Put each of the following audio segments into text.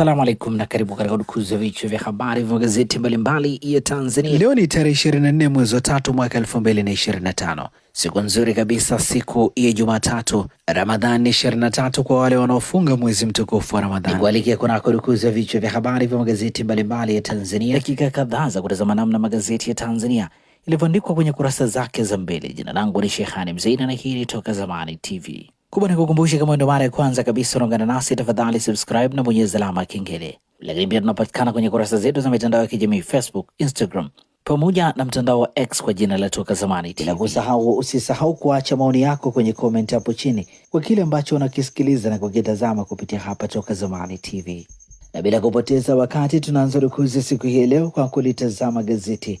Assalamu alaikum na karibu katika udukuzi ya vichwa vya habari vya magazeti mbalimbali ya Tanzania. Leo ni tarehe 24 mwezi wa tatu mwaka 2025, siku nzuri kabisa, siku ya Jumatatu, Ramadhani 23 kwa wale wanaofunga mwezi mtukufu wa Ramadhani. Nikualike kunako dukuzi ya vichwa vya habari vya magazeti mbalimbali ya Tanzania, dakika kadhaa za kutazama namna magazeti ya Tanzania ilivyoandikwa kwenye kurasa zake za mbele. Jina langu ni Shehani Mzeina na hii ni Toka Zamani TV. Kubwa ni kukumbusha, kama ndio mara ya kwanza kabisa unaungana nasi, tafadhali subscribe na bonyeza alama kengele. Lakini pia tunapatikana kwenye kurasa zetu za mitandao ya kijamii Facebook, Instagram pamoja na mtandao wa X kwa jina la Toka Zamani. Bila kusahau, usisahau kuacha maoni yako kwenye komenti hapo chini kwa kile ambacho unakisikiliza na kukitazama kupitia hapa Toka Zamani TV, na bila kupoteza wakati tunaanza rukuzi siku hii leo kwa kulitazama gazeti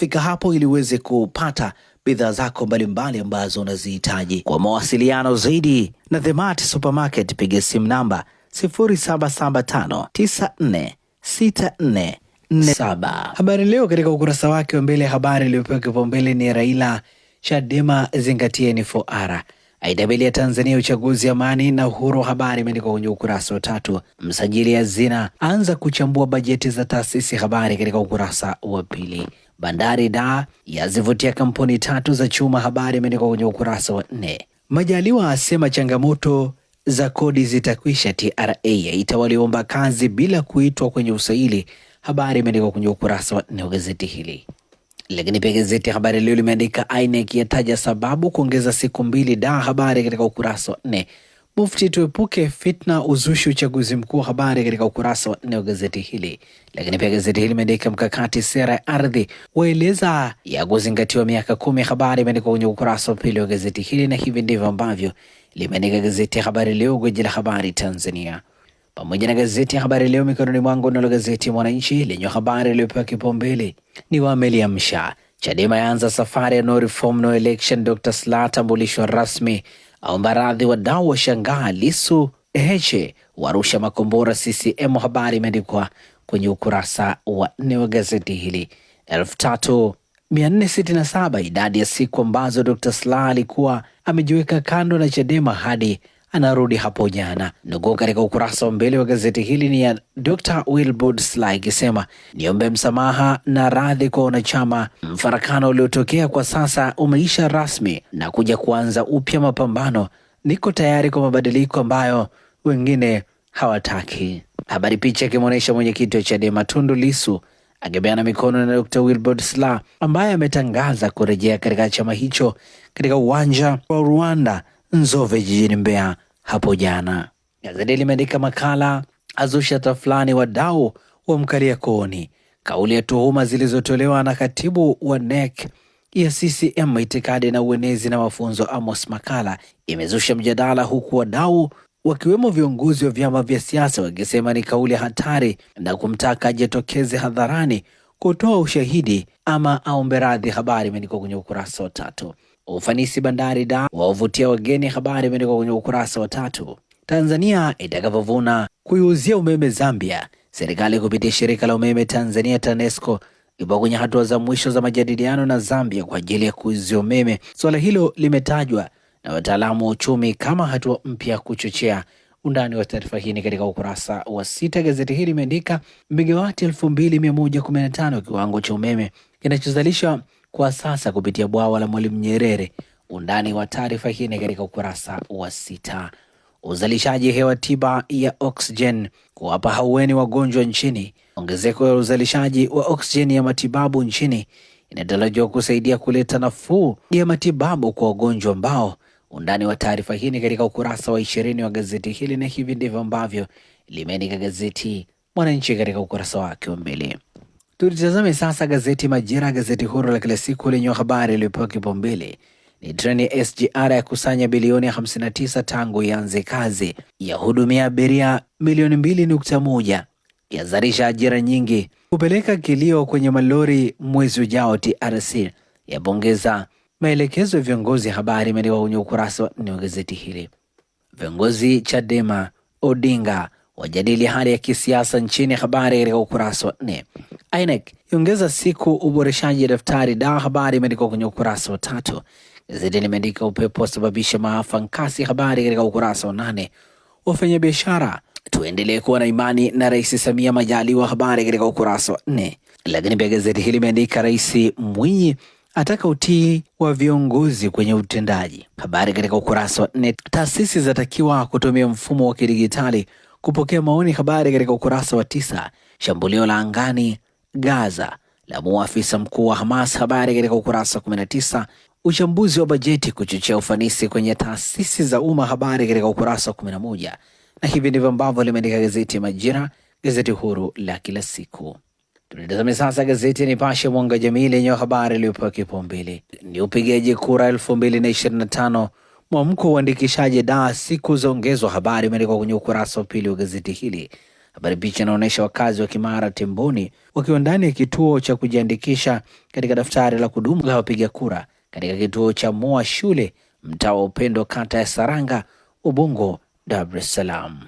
Fika hapo ili uweze kupata bidhaa zako mbalimbali ambazo unazihitaji. Kwa mawasiliano zaidi na The Mart Supermarket, piga simu namba 0775946447. Habari Leo katika ukurasa wake wa mbele ya habari iliyopewa kipaumbele ni Raila, Chadema zingatieni 4R. IW ya Tanzania uchaguzi amani na uhuru habari imeandikwa kwenye ukurasa wa tatu. Msajili hazina anza kuchambua bajeti za taasisi habari katika ukurasa wa pili. Bandari da yazivutia kampuni tatu za chuma. Habari imeandikwa kwenye ukurasa wa nne. Majaliwa asema changamoto za kodi zitakwisha. TRA yaita kazi bila kuitwa kwenye usaili. Habari imeandikwa kwenye ukurasa wa nne wa gazeti hili. Lakini pia gazeti Habari Leo limeandika INEC yataja sababu kuongeza siku mbili da, habari katika ukurasa wa nne. Mufti, tuepuke fitna uzushi uchaguzi mkuu, habari katika ukurasa wa nne wa gazeti hili. Lakini pia gazeti hili imeandika mkakati sera ya ardhi waeleza ya kuzingatiwa miaka kumi, habari imeandikwa kwenye ukurasa wa pili wa gazeti hili, na hivi ndivyo ambavyo limeandika gazeti ya Habari Leo, gwiji la habari Tanzania, pamoja na gazeti ya Habari Leo mikononi mwangu. Nalo gazeti ya Mwananchi lenye habari iliyopewa kipaumbele ni wameliamsha Chadema yaanza safari ya no reform no election, Dr. Slaa tambulishwa rasmi aomba radhi. Wadau wa shangaa Lisu Heche warusha makombora CCM. Habari imeandikwa kwenye ukurasa wa nne wa gazeti hili. 3467 idadi ya siku ambazo Dr. Slaa alikuwa amejiweka kando na Chadema hadi anarudi hapo jana. Nukuu katika ukurasa wa mbele wa gazeti hili ni ya Dr Wilbord Sla ikisema, niombe msamaha na radhi kwa wanachama, mfarakano uliotokea kwa sasa umeisha rasmi na kuja kuanza upya mapambano. Niko tayari kwa mabadiliko ambayo wengine hawataki. Habari picha ikimwonyesha mwenyekiti wa Chadema Tundu Lisu agebeana mikono na Dr Wilbord Sla ambaye ametangaza kurejea katika chama hicho katika uwanja wa Rwanda Nzove jijini Mbeya hapo jana. Gazeti limeandika makala azusha tafulani wadau wa kooni, kauli ya tuhuma zilizotolewa na katibu wa NEC ya CCM itikadi na uenezi na mafunzo Amos Makala imezusha mjadala, huku wadau wakiwemo viongozi wa vyama vya siasa wakisema ni kauli hatari na kumtaka ajitokeze hadharani kutoa ushahidi ama aombe radhi. Habari imeandikwa kwenye ukurasa wa tatu. Ufanisi bandari da wavutia wageni, habari imeandikwa kwenye ukurasa wa tatu. Tanzania itakavyovuna kuiuzia umeme Zambia. Serikali kupitia shirika la umeme Tanzania TANESCO ipo kwenye hatua za mwisho za majadiliano na Zambia kwa ajili ya kuuzia umeme. Suala hilo limetajwa na wataalamu wa uchumi kama hatua mpya kuchochea undani wa taarifa hii ni katika ukurasa wa sita. Gazeti hili limeandika megawati 2115 kiwango cha umeme kinachozalisha kwa sasa kupitia bwawa la Mwalimu Nyerere. Undani wa taarifa hii ni katika ukurasa wa sita. Uzalishaji hewa tiba ya oksijeni kuwapa haueni wagonjwa nchini. Ongezeko ya uzalishaji wa oksijeni ya matibabu nchini inatarajiwa kusaidia kuleta nafuu ya matibabu kwa wagonjwa ambao. Undani wa taarifa hii ni katika ukurasa wa ishirini wa gazeti hili, na hivi ndivyo ambavyo limeandika gazeti Mwananchi katika ukurasa wake wa mbele. Tulitazame sasa gazeti Majira, gazeti huru la kila siku lenye habari iliyopewa kipaumbele ni treni ya SGR ya kusanya bilioni 59 tangu ianze kazi, yahudumia abiria milioni 2.1, yazalisha ajira nyingi, kupeleka kilio kwenye malori mwezi ujao, TRC yapongeza maelekezo ya viongozi. Habari imeandikwa kwenye ukurasa wa nne wa gazeti hili. Viongozi Chadema Odinga wajadili hali ya kisiasa nchini. Habari katika ukurasa wa nne. INEC iongeza siku uboreshaji daftari da, habari imeandikwa kwenye ukurasa wa tatu. Gazeti limeandika upepo wasababisha maafa Nkasi, habari katika ukurasa wa nane. Wafanyabiashara tuendelee kuwa na imani na Rais Samia Majaliwa, habari katika ukurasa wa nne. Lakini pia gazeti hili limeandika Rais Mwinyi ataka utii wa viongozi kwenye utendaji, habari katika ukurasa wa nne. Taasisi zatakiwa kutumia mfumo wa kidigitali kupokea maoni. Habari katika ukurasa wa tisa. Shambulio la angani Gaza la muafisa mkuu wa Hamas. Habari katika ukurasa 19. Uchambuzi wa bajeti kuchochea ufanisi kwenye taasisi za umma. Habari katika ukurasa wa 11. Na hivi ndivyo ambavyo limeandika gazeti ya Majira, gazeti huru la kila siku. Tunatazame sasa gazeti ya Nipashe Mwanga Jamii lenye habari iliyopewa kipaumbele ni upigaji kura 2025 Mwamko wa uandikishaji daa siku zaongezwa, habari imeandikwa kwenye ukurasa wa pili wa gazeti hili. Habari picha inaonyesha wakazi wa Kimara Temboni wakiwa ndani ya kituo cha kujiandikisha katika daftari la kudumu la wapiga kura katika kituo cha Moa Shule, mtaa wa Upendo, kata ya Saranga, Ubungo, Dar es Salaam.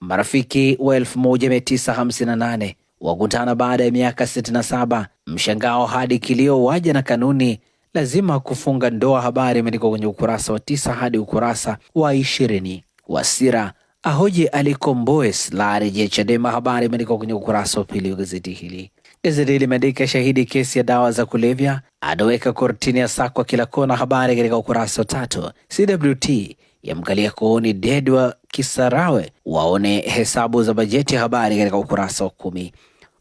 Marafiki wa 1958 wakutana baada ya miaka 67. Mshangao hadi kilio waja na kanuni lazima kufunga ndoa. Habari imeandikwa kwenye ukurasa wa tisa hadi ukurasa wa ishirini. Wasira ahoji alikomboe silaha rejea Chadema. Habari imeandikwa kwenye ukurasa wa pili wa gazeti hili. Gazeti hili limeandika shahidi kesi ya dawa za kulevya adoweka kortini ya sakwa kila kona. Habari katika ukurasa wa tatu. CWT yamkalia kooni dedwa Kisarawe waone hesabu za bajeti. Habari katika ukurasa wa kumi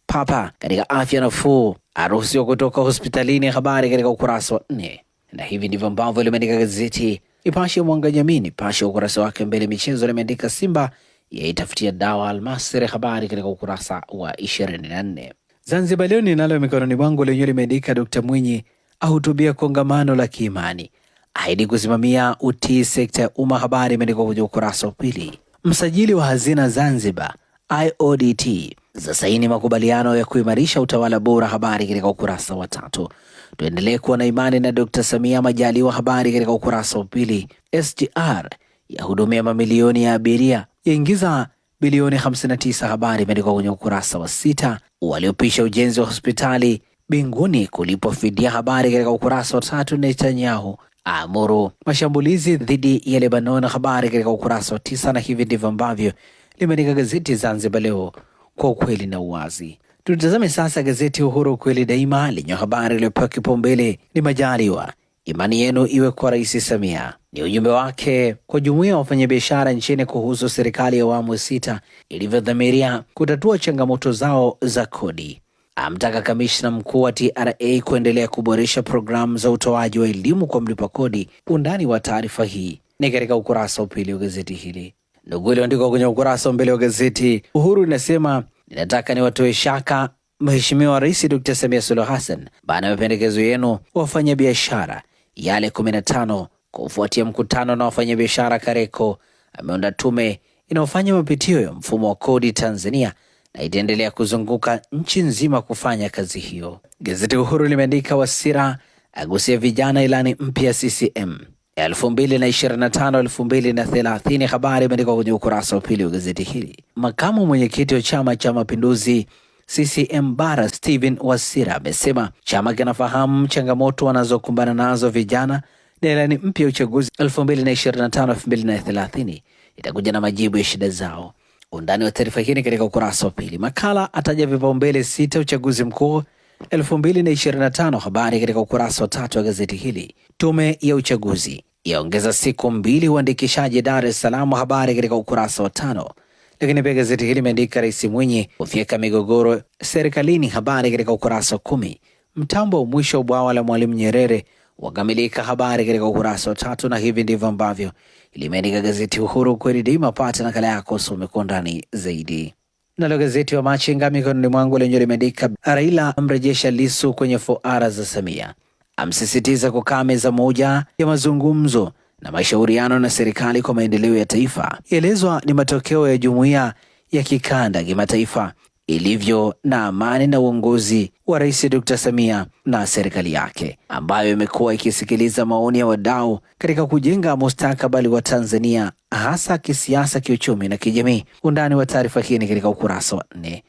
papa katika afya nafuu, aruhusiwa kutoka hospitalini. Habari katika ukurasa wa nne, na hivi ndivyo ambavyo limeandika gazeti Nipashe Mwanga Jamii. Nipashe wa ukurasa wake mbele michezo limeandika Simba yaitafutia dawa Almasri. Habari katika ukurasa wa 24. Zanzibar Leo ninalo mikononi mwangu lenyewe limeandika Dkt Mwinyi ahutubia kongamano la kiimani, ahidi kusimamia utii sekta ya umma. Habari imeandikwa kwenye ukurasa wa pili. Msajili wa hazina Zanzibar IODT saini makubaliano ya kuimarisha utawala bora. Habari katika ukurasa wa tatu. Tuendelee kuwa na imani na Dr. Samia Majaliwa. Habari katika ukurasa wa pili. SGR yahudumia mamilioni ya abiria yaingiza bilioni 59. Habari imeandikwa kwenye ukurasa wa sita. Waliopisha ujenzi wa hospitali binguni kulipwa fidia. Habari katika ukurasa wa tatu. Netanyahu amuru mashambulizi dhidi ya Lebanon. Habari katika ukurasa wa tisa, na hivi ndivyo ambavyo limeandika gazeti Zanzibar Leo kwa ukweli na uwazi. Tutazame sasa gazeti Uhuru ukweli daima lenye habari iliyopewa kipaumbele ni Majaliwa, imani yenu iwe kwa Rais Samia. Ni ujumbe wake kwa jumuiya ya wafanyabiashara nchini kuhusu serikali ya awamu sita ilivyodhamiria kutatua changamoto zao za kodi. Amtaka kamishna mkuu wa TRA kuendelea kuboresha programu za utoaji wa elimu kwa mlipa kodi. Undani wa taarifa hii ni katika ukurasa wa pili wa gazeti hili. Nukuu iliyoandikwa kwenye ukurasa wa mbele wa gazeti Uhuru inasema ninataka niwatoe shaka Mheshimiwa Rais Dr. Samia Suluhu Hassan baada ya mapendekezo yenu wafanya wafanyabiashara yale 15 kufuatia mkutano na wafanyabiashara Kareko. Ameunda tume inayofanya mapitio ya mfumo wa kodi Tanzania na itaendelea kuzunguka nchi nzima kufanya kazi hiyo. Gazeti Uhuru limeandika Wasira agusia vijana ilani mpya CCM 2025 2030. Habari imeandikwa kwenye ukurasa wa pili wa gazeti hili. Makamu mwenyekiti wa Chama cha Mapinduzi CCM Bara Steven Wasira amesema chama kinafahamu changamoto wanazokumbana nazo vijana na ilani mpya ya uchaguzi 2025 2030 itakuja na majibu ya shida zao. Undani wa taarifa hii katika ukurasa wa pili. Makala ataja vipaumbele sita uchaguzi mkuu 2025. Habari katika ukurasa wa tatu wa gazeti hili. Tume ya uchaguzi yaongeza siku mbili uandikishaji Dar es Salaam, habari katika ukurasa wa tano. Lakini pia gazeti hili imeandika Rais Mwinyi kufyeka migogoro serikalini, habari katika ukurasa wa kumi. Mtambo wa mwisho wa bwawa la Mwalimu Nyerere wakamilika, habari katika ukurasa wa tatu. Na hivi ndivyo ambavyo limeandika gazeti Uhuru, kweli daima. Pata nakala yako, some kwa undani zaidi. Nalo gazeti wa Machinga mikononi mwangu lenyewe limeandika Raila amrejesha Lisu kwenye foara za Samia, amsisitiza kukaa meza moja ya mazungumzo na mashauriano na serikali kwa maendeleo ya taifa, ielezwa ni matokeo ya jumuiya ya kikanda kimataifa ilivyo na amani na uongozi wa Rais Dr. Samia na serikali yake ambayo imekuwa ikisikiliza maoni ya wadau katika kujenga mustakabali wa Tanzania hasa kisiasa, kiuchumi na kijamii. Undani wa taarifa hii ni katika ukurasa wa nne.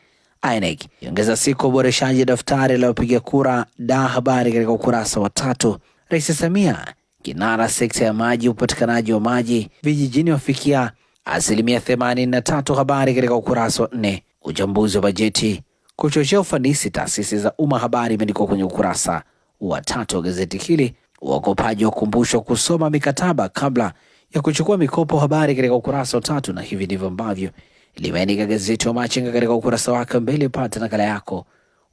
INEC iongeza siku ya uboreshaji daftari la wapiga kura, da habari katika ukurasa wa tatu. Rais Samia kinara sekta ya maji, upatikanaji wa maji vijijini wafikia asilimia 83, habari katika ukurasa wa nne. Uchambuzi wa bajeti kuchochea ufanisi taasisi za umma. Habari imeandikwa kwenye ukurasa wa tatu wa gazeti hili. Wakopaji wakumbushwa kusoma mikataba kabla ya kuchukua mikopo, habari katika ukurasa wa tatu. Na hivi ndivyo ambavyo limeandika gazeti wa Machinga katika ukurasa wake mbele. Pata nakala yako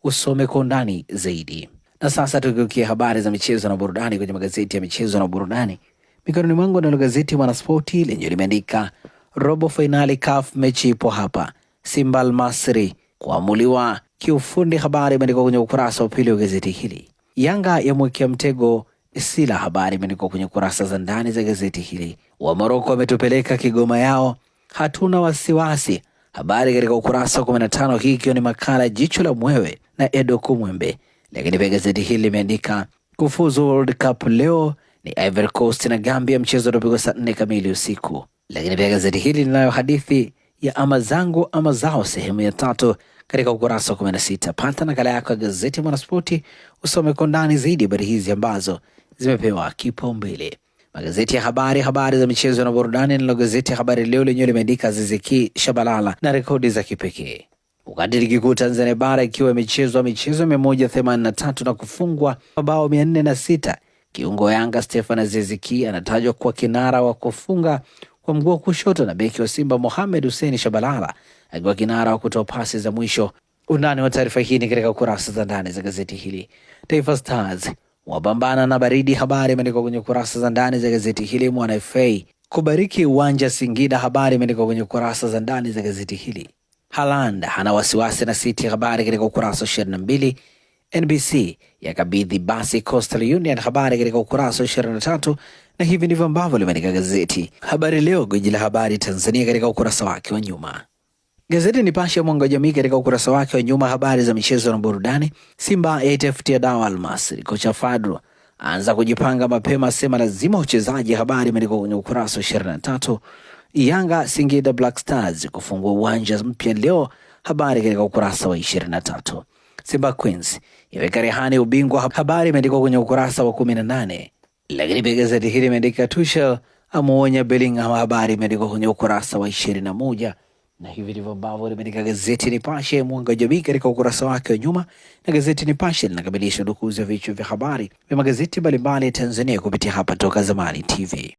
usome kwa undani zaidi. Na sasa tukiukia habari za michezo na burudani kwenye magazeti ya michezo na burudani mikononi mwangu, nalo gazeti Mwanaspoti lenyewe limeandika robo fainali CAF, mechi ipo hapa Simba Almasri kuamuliwa kiufundi. Habari imeandikwa kwenye ukurasa wa pili wa gazeti hili. Yanga yamwekea mtego Sila, habari imeandikwa kwenye kurasa za ndani za gazeti hili. Wa Moroko wametupeleka Kigoma yao, hatuna wasiwasi, habari katika ukurasa wa 15, hii ikiwa ni makala jicho la mwewe na Edo Kumwembe. Lakini pia gazeti hili limeandika kufuzu World Cup leo ni Ivory Coast na Gambia, mchezo utapigwa saa 4 kamili usiku. Lakini pia gazeti hili linayo hadithi ya ama zangu ama zao sehemu ya tatu katika ukurasa wa 16. Pata nakala yako ya gazeti ya Mwanaspoti usome kwa ndani zaidi habari hizi ambazo zimepewa kipaumbele. Magazeti ya habari, habari za michezo na burudani. Nalo gazeti ya Habari Leo lenyewe limeandika Ziziki Shabalala na rekodi za kipekee, wakati ligi kuu Tanzania bara ikiwa imechezwa michezo 183 na kufungwa mabao 406. Kiungo Yanga Stefan Ziziki anatajwa kuwa kinara wa kufunga kwa mguu wa kushoto na beki wa Simba Mohamed Hussein Shabalala akiwa kinara wa kutoa pasi za mwisho. Undani wa taarifa hii ni katika kurasa za ndani za gazeti hili. Taifa Stars wapambana na baridi, habari imeandikwa kwenye kurasa za ndani za gazeti hili. Mwana FA kubariki uwanja Singida, habari imeandikwa kwenye kurasa za ndani za gazeti hili. Haaland ana wasiwasi na City, habari katika ukurasa wa ishirini na mbili. NBC yakabidhi basi Coastal Union, habari katika ukurasa wa 23 na hivi ndivyo ambavyo limeandika gazeti Habari Leo, gwiji la habari Tanzania, katika ukurasa wake wa nyuma. Gazeti Nipashe ya mwanga wa jamii katika ukurasa wake wa nyuma, habari za michezo na burudani. Simba yaitafutia dawa Almasri, kocha Fadru anza kujipanga mapema, sema lazima uchezaji Habari imeandikwa kwenye ukurasa wa 23. Yanga Singida Black Stars kufungua uwanja mpya leo, habari katika ukurasa wa tatu. Simba Queens imeweka rehani ubingwa. Habari imeandikwa kwenye ukurasa wa kumi na nane, lakini pia gazeti hili imeandika Tuchel amuonya Bellingham. Habari imeandikwa kwenye ukurasa wa 21, na na hivi ndivyo ambavyo limeandika gazeti Nipashe mwanga wa jamii katika ukurasa wake wa nyuma. Na gazeti Nipashe linakamilisha udukuzi wa vichwa vya habari vya magazeti mbalimbali ya Tanzania kupitia hapa Toka Zamani TV.